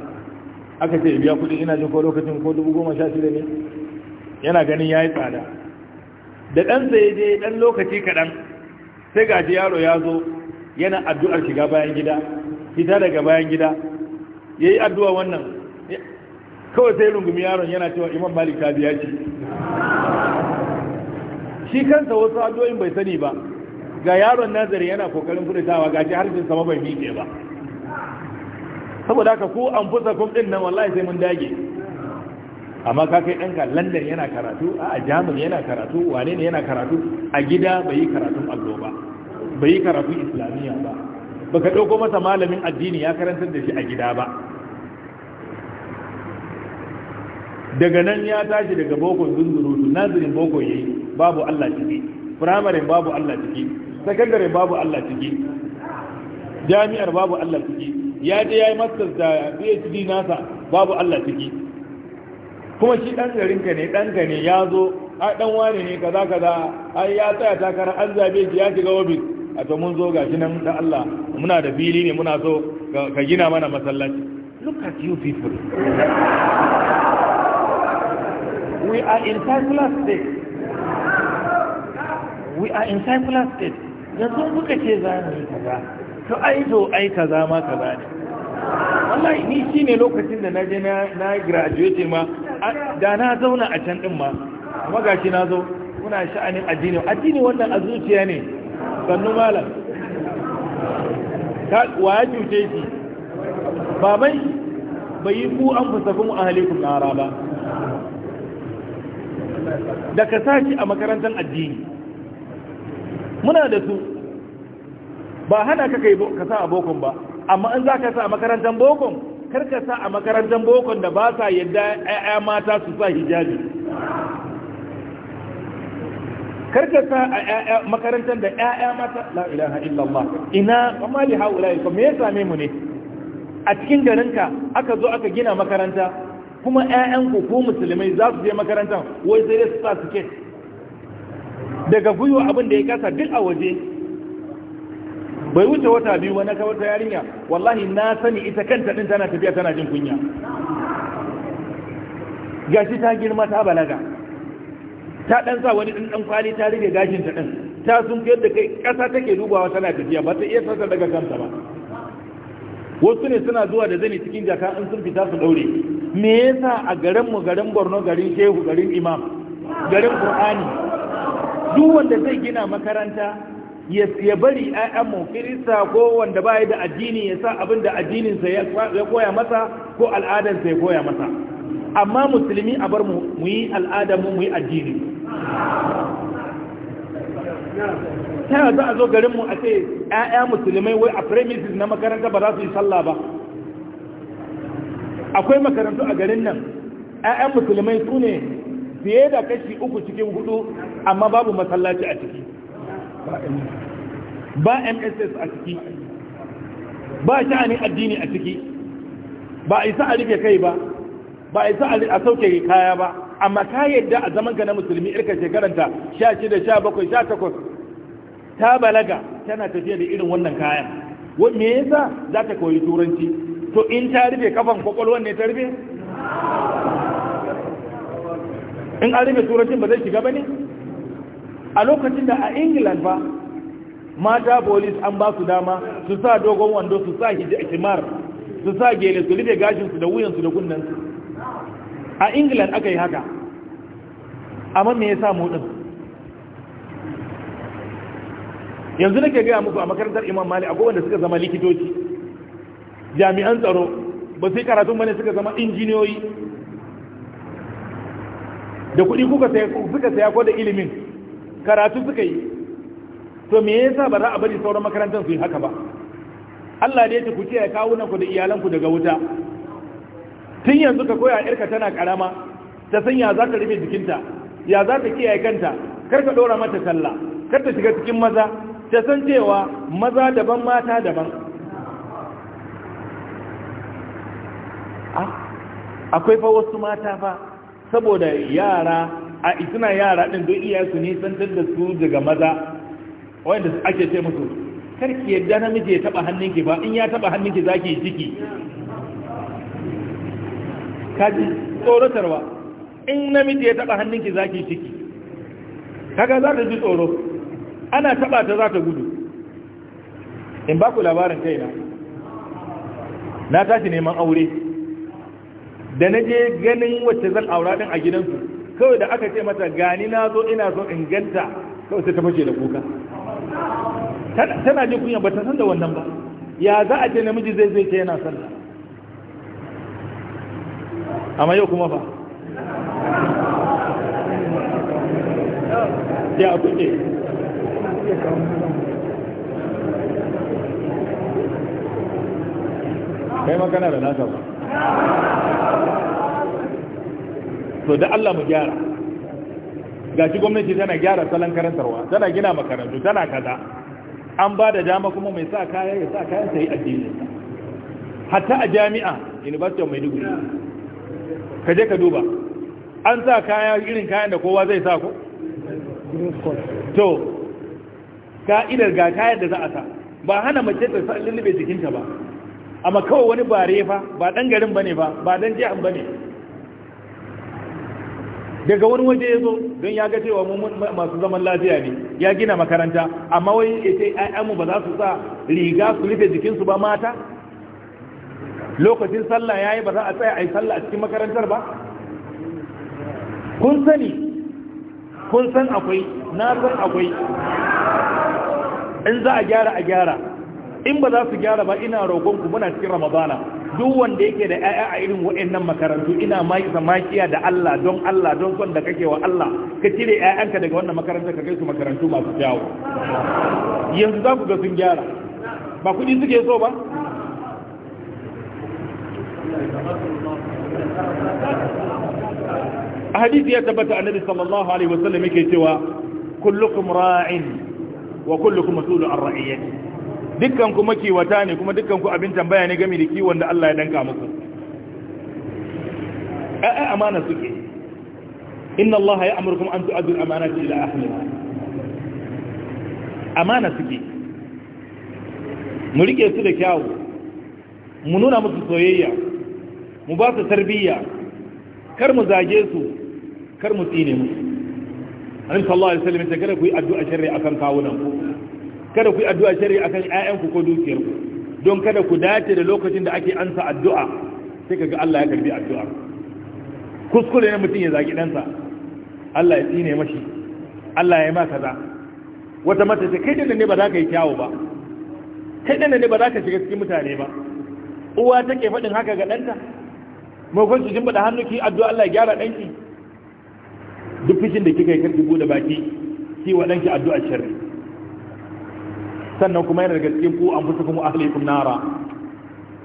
aka ce biya kuɗi ina jin ko lokacin ko dubu goma sha shida ne yana ganin ya yi tsada da ɗansa ya je ɗan lokaci kaɗan sai gaji yaro ya zo yana addu'ar shiga bayan gida fita daga bayan gida ya yi addu'a wannan kawai sai rungumi yaron yana cewa imam malik ta biya ce shi kansa wasu addu'o'in bai sani ba ga yaron nazari yana kokarin furtawa gashi harshen sama bai miƙe ba saboda haka ku an fusa kun din nan wallahi sai mun dage amma ka kai ɗanka london yana karatu a jamus yana karatu wane ne yana karatu a gida bai yi karatun allo ba bai yi karatun islamiyya ba ba ka ɗauko masa malamin addini ya karantar da shi a gida ba daga nan ya tashi daga boko zunzuru nazirin boko ya yi babu Allah ciki firamare babu Allah ciki sakandare babu Allah ciki jami'ar babu Allah ciki ya je yayi masters da PhD nasa babu Allah ciki kuma shi dan garin ka ne dan ka ne ya zo a dan wane ne kaza kaza ai ya tsaya takara an zabe shi ya shiga office a to mun zo gashi nan da Allah muna da fili ne muna so ka gina mana masallaci look at you people (laughs) we are in timeless state we are in secular state yanzu muka ce za mu yi kaza to ai zo ai kaza ma kaza ne wallahi ni shine lokacin da na na na graduate ma da na zauna a can din ma amma gashi na zo kuna sha'anin addini addini wannan a zuciya ne sannu malam wa ya cuce shi Babai, bai yi ku an fusafin ahalikun ƙara ba da ka sa shi a makarantar addini muna da su ba hana ka kai ka sa a bokon ba amma in za ka sa a makarantar bokon kar ka sa a makarantar bokon da ba sa yadda ya mata su sa hijabi kar ka sa a makarantar da ya mata la ilaha illallah ina amma li haula ko me ya same mu ne a cikin garinka aka zo aka gina makaranta kuma ƴaƴanku ko musulmai za su je makarantar wai sai su sa suke. daga gwiwa abin da ya kasa duk a waje bai wuce wata biyu wani ka wata yarinya wallahi na sani ita kanta din tana tafiya tana jin kunya gashi ta girma ta balaga ta dan sa wani dan kwali ta rige gashin ta din ta sun fiye da kai kasa take dubawa tana tafiya ba ta iya sassa daga kanta ba wasu ne suna zuwa da zani cikin jaka in sun fita su daure me yasa a garin mu garin Borno garin Shehu garin Imam garin Qur'ani duk wanda zai gina makaranta ya bari mu. kirista ko wanda ba da addini ya sa abin da addininsa ya koya masa ko al'adarsa ya koya masa amma musulmi a bar mu mu yi al'adarmu mu mu yi addini ta za a zo garinmu a ce ayyan musulmai wai a premises na makaranta ba za su yi sallah ba akwai makarantu a garin nan 'ya'yan musulmai su ne fiye da kashi uku cikin hudu amma babu masallaci a ciki ba mss a ciki ba sha'anin addini a ciki ba a isa a rike kai ba ba a isa a sauke kaya ba amma ka yadda a zaman ka na musulmi irka shekaranta sha shida sha bakwai sha takwas ta balaga tana tafiya da irin wannan kayan me yasa za ta koyi turanci to in ta rufe kafan kwakwalwan ne ta rufe in an rufe turancin ba zai shiga ba ne a lokacin da a ingilan ba mata bolis an ba su dama su sa dogon wando su sa hijimar su sa gele su rufe gashinsu da wuyansu da kunnansu a england aka yi haka amma me ya sa motsin yanzu nake gaya muku a makarantar imam mali akwai wanda suka zama likitoci jami'an tsaro ba sai karatun bane suka zama injiniyoyi da kuɗi kuka suka saya ko da ilimin karatu suka yi to me yasa ba za a bari sauran makarantar su yi haka ba Allah da ya ku ce ya kawo ku da iyalanku daga wuta tun yanzu ka koya yarka tana karama ta san ya za ta rufe jikinta ya za ta kiyaye kanta kar ka dora mata sallah kar ta shiga cikin maza ta san cewa maza daban mata daban ah, akwai fa wasu mata fa saboda yara a ituna yara din don iya su nisantar da su daga maza wanda ake ce musu karki yadda namiji ya taba hannunki ba in ya taba hannunki zaki ciki kaji tsoratarwa in namiji ya taba hannunki zaki ciki kaga za ta ji tsoro ana taba ta za ta gudu in ba ku labarin kaina na tashi neman aure da na je ganin wacce zan aura din a gidansu kawai da aka ce mata gani na zo ina so in ganta kawai sai ta mace da kuka tana jin kunya ba ta san da wannan ba ya za a ce namiji zai zai ce yana sallah amma yau kuma fa ya kuke kai magana da nasa ba to da Allah mu gyara gashi gwamnati tana gyara salon karantarwa tana gina makarantu tana kaza an ba da dama kuma mai sa kaya ya sa kayan sai addini hatta a jami'a university of maiduguri ka je ka duba an sa kaya irin kayan da kowa zai sa ko to ka'idar ga kayan da za a sa ba hana mace ta sa lullube jikinta ba amma kawai wani bare fa ba dan garin bane ba ba dan jihan bane daga wani waje ya zo don ya ga cewa masu zaman lafiya ne ya gina makaranta amma wai ya ce ayyanmu ba za su sa riga su rufe jikinsu ba mata lokacin sallah ya yi ba za a tsaya a yi sallah a cikin makarantar ba kun sani kun san akwai na san akwai in za a gyara a gyara in ba za su gyara ba ina roƙon ku muna cikin ramadana duk wanda yake da ƴaƴa a irin waɗannan makarantu ina maki makiya da Allah don Allah don son da kake wa Allah ka cire ƴaƴanka daga wannan makaranta ka kai su makarantu masu kyawu yanzu za ku ga sun gyara ba kuɗi suke so ba a hadisi ya tabbata annabi sallallahu alaihi wasallam yake cewa kullukum ra'in wa kullukum mas'ulun an ra'iyati dukkan kuma kiwata ne kuma dukkan ku abin tambaya ne game da kiwon da Allah ya danka muku ai amana suke inna Allah ya amurkum an tu'addu al-amanati ila ahliha amana suke mu rike su da kyawu mu nuna musu soyayya mu ba su tarbiyya kar mu zage su kar mu tsine musu annabi sallallahu alaihi wasallam ya ce kada ku yi addu'a sharri akan kawunan ku kada ku yi addu'a shari’a akan ƴaƴanku ko dukiyarku don kada ku dace da lokacin da ake ansa addu'a sai kaga Allah ya karbi addu'a kuskure ne mutum ya zagi ɗansa Allah ya tsine mashi Allah ya yi maka za, wata mata ce kai da ne ba za ka yi kyawu ba kai da ne ba za ka shiga cikin mutane ba uwa take faɗin haka ga ɗanta maimakon ki jimba da hannu ki addu'a Allah ya gyara ɗanki duk fishin da kika yi karki bude baki ki wa ɗanki addu'a sharri sannan kuma yana daga cikin ku an fusa kuma ahlikum nara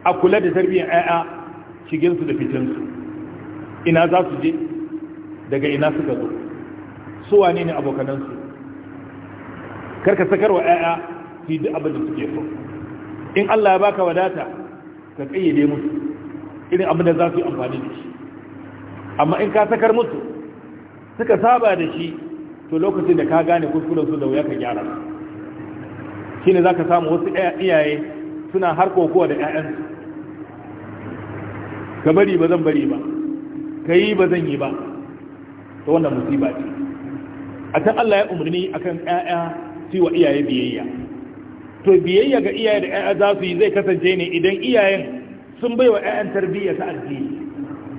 a kula da tarbiyyar ƴaƴa shigin su da fitin su ina za su je daga ina suka zo su wane ne abokanan su karka sakarwa ƴaƴa su duk abin da suke so in Allah ya baka wadata ka kayyade musu irin abin da za su yi amfani da shi amma in ka sakar musu suka saba da shi to lokacin da ka gane kuskuren su da wuya ka gyara su shine ka samu wasu iyaye suna har kokowa da 'ya'yansu? ka bari ba zan bari ba ka yi ba zan yi ba ta wannan musiba ce a can Allah ya umarni akan ƴaƴa su wa iyaye biyayya to biyayya ga iyaye da ƴaƴa za su yi zai kasance ne idan iyayen sun bai wa ƴaƴan tarbiyya ta addini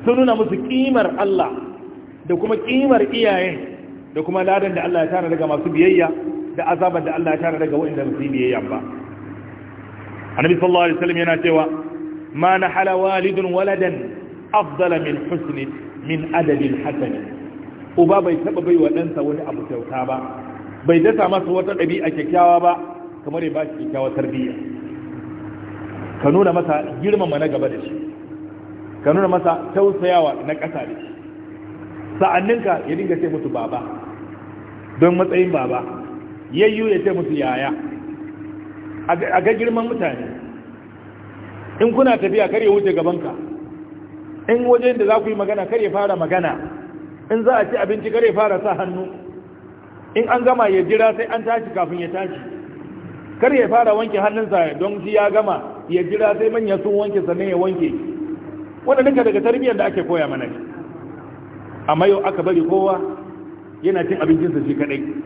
sun nuna musu kimar Allah da kuma kimar iyayen da kuma ladan da Allah ya tana daga masu biyayya da azabar da Allah ya tara daga wa'inda musu biyayya ba annabi sallallahu alaihi wasallam yana cewa ma hala walidun waladan afdala min husni min adadin hasani uba bai taba bai wa ɗansa wani abu kyauta ba bai dasa masa wata ɗabi'a kyakkyawa ba kamar ya ba shi kyakkyawar tarbiyya ka nuna masa girmama na gaba da shi ka nuna masa tausayawa na ƙasa da shi sa'anninka ya dinga ce mutu baba don matsayin baba yayyu ya ce musu yaya a ga girman mutane in kuna tafiya kare wuce gabanka in wajen da za ku yi magana kare fara magana in za a ci abinci kare fara sa hannu in an gama ya jira sai an tashi kafin ya tashi kar ya fara wanke hannunsa don shi ya gama ya jira sai manya sun wanke sannan ya wanke wanda ka daga tarbiyyar da ake koya mana amma yau aka bari kowa yana cin abincinsa shi kaɗai.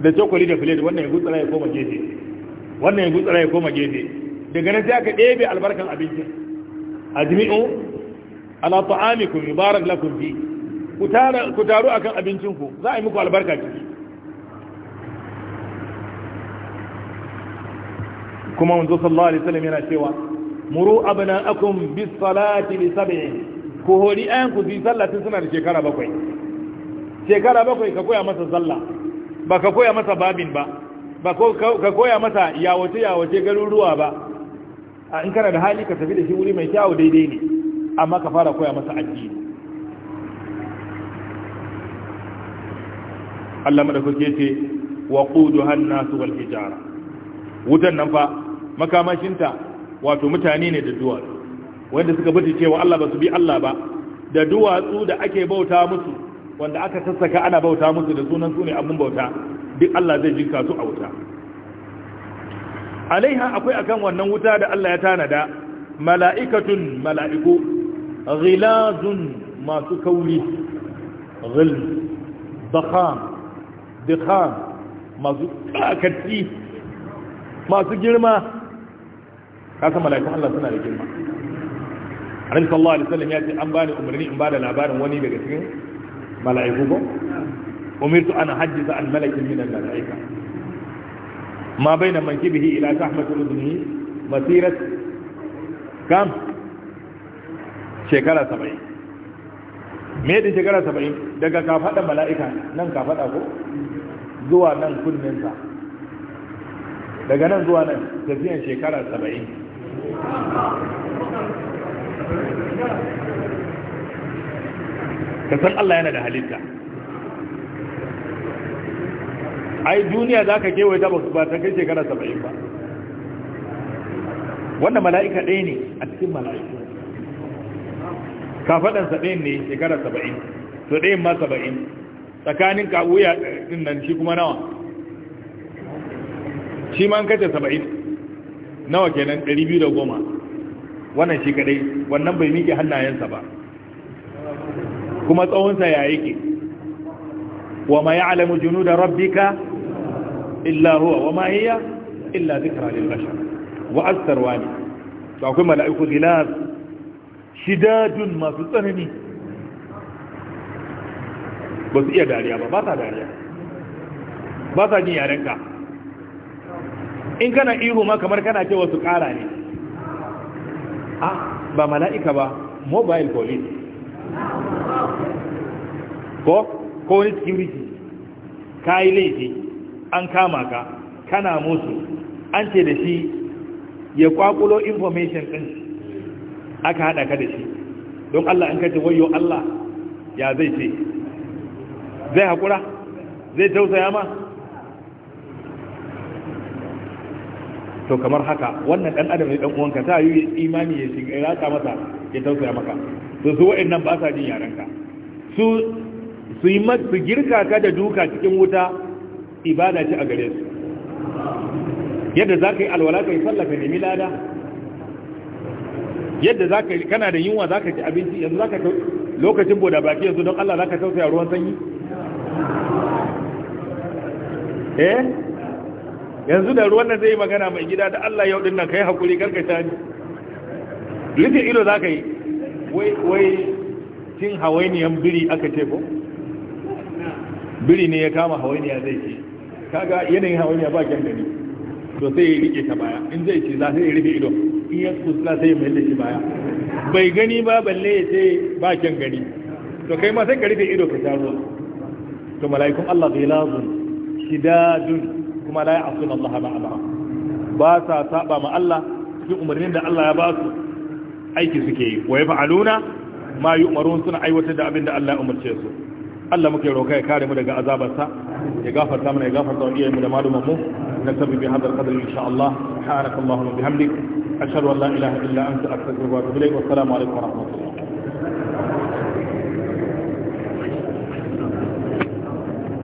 da cokoli da filet wannan ya gutsara ya koma gefe wannan ya gutsara ya koma gefe daga nan sai aka ɗebe albarkan abinci ajmi'u ala ta'amikum yubarak lakum fi ku tara ku taru akan abincin ku za a yi muku albarka ciki kuma manzo sallallahu alaihi wasallam yana cewa muru abna'akum bis salati li sab'in ku hori ayan ku bi sallatin suna da shekara bakwai shekara bakwai ka koya masa sallah ba ka koya masa babin ba ba ka koya masa yawace yawace garuruwa ba a in kana da hali ka tafi da shi wuri mai kyawu daidai ne amma ka fara koya masa addini Allah madaukake ce wa quduha hannasu wal hijara wutan nan fa makamashinta wato mutane ne da duwatsu wanda suka bace cewa Allah ba su bi Allah ba da duwatsu da ake bauta musu wanda aka sassaka ana bauta musu da sunan su ne abin bauta duk Allah zai jinka su a wuta alaiha akwai akan wannan wuta da Allah ya tanada mala'ikatun mala'iku ghilazun masu kauri ghil dakham dakham masu kakatti masu girma kasan mala'ikun Allah suna da girma annabi sallallahu alaihi wasallam ya ce an bani umarni in bada labarin wani daga cikin mala'iku ko umirtu an hajjiza an malakin min al mala'ika ma baina mankibihi ila sahmati udnihi masirat kam shekara 70 me din shekara 70 daga fada mala'ika nan fada ko zuwa nan sa, daga nan zuwa nan tafiyan shekara 70 ka san Allah yana da halitta ai duniya za ka kewaye ta ba ta kai shekara saba'in ba wannan mala'ika ɗaya ne a cikin mala'iku kafaɗansa ɗaya ne shekara saba'in to ɗayan ma saba'in tsakanin kawuya eh, ɗin nan shi kuma nawa shi ma kace saba'in nawa kenan ɗari biyu da goma wannan shi kaɗai wannan bai miƙe hannayensa ba kuma tsawonsa ya yake wa ma ya'lamu junuda rabbika illa huwa wa ma hiya illa dhikra lil bashar wa astarwa ne to akwai mala'iku gilas shidadun masu tsanani ba su iya dariya ba ba sa dariya ba sa jin yarenka in kana ihu ma kamar kana cewa wasu kara ne a ah, ba mala'ika ba mobile police ko ko wani security ka yi laifi an kama ka kana musu an ce da shi ya kwakulo information din aka haɗa ka da shi don Allah in ka ce wayo Allah ya zai ce zai haƙura zai tausaya ma to kamar haka wannan dan adam ne dan uwanka ta yi imani ya shiga ya rata masa ya tausaya maka Su su wa'annan ba sa jin yarenka. su su yi su girka ka da duka cikin wuta ibada ce a gare su yadda za ka yi alwala ka yi sallah ka nemi lada yadda za ka yi, kana da yunwa za ka ci abinci yanzu za ka lokacin boda baki yanzu don Allah za ka tausaya ruwan sanyi eh yanzu da ruwan nan zai magana mai gida da Allah yau din nan kai hakuri karka sha ni rufe ido za ka yi wai cin hawainiyan biri aka ce ko biri ne ya kama hawainiya zai ce kaga yanayin hawainiya ba kyan gani to sai ya rike ta baya in zai ce za sai ya rike ido in ya za sai ya mai da baya bai gani ba balle ya ce ba kyan gani to kai ma sai ka rike ido ka taruwa. to mala'ikun Allah zai lazun shidadun kuma la ya'asuna Allah ba ba sa saba ma Allah cikin umarnin da Allah ya ba su aiki suke yi wa yaf'aluna ma yu'marun suna aiwatar da abin da Allah ya umarce su Allah muke roka ya kare mu daga azabarsa ya gafarta mana ya gafarta wa iyayenmu da malumanmu na sabbi bi hadar qadri insha Allah subhanakallahumma bihamdik ashhadu an la ilaha illa anta astaghfiruka wa atubu ilaik wa assalamu alaikum wa rahmatullahi